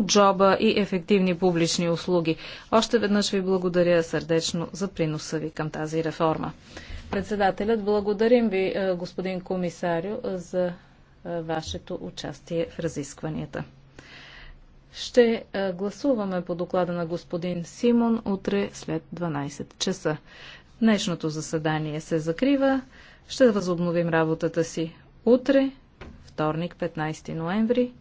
от джоба и ефективни публични услуги. Още веднъж ви благодаря сърдечно за приноса ви към тази реформа. Председателят, благодарим ви, е, господин комисарио, е, за е, вашето участие в разискванията. Ще гласуваме по доклада на господин Симон утре след 12 часа. Днешното заседание се закрива. Ще възобновим работата си утре, вторник, 15 ноември,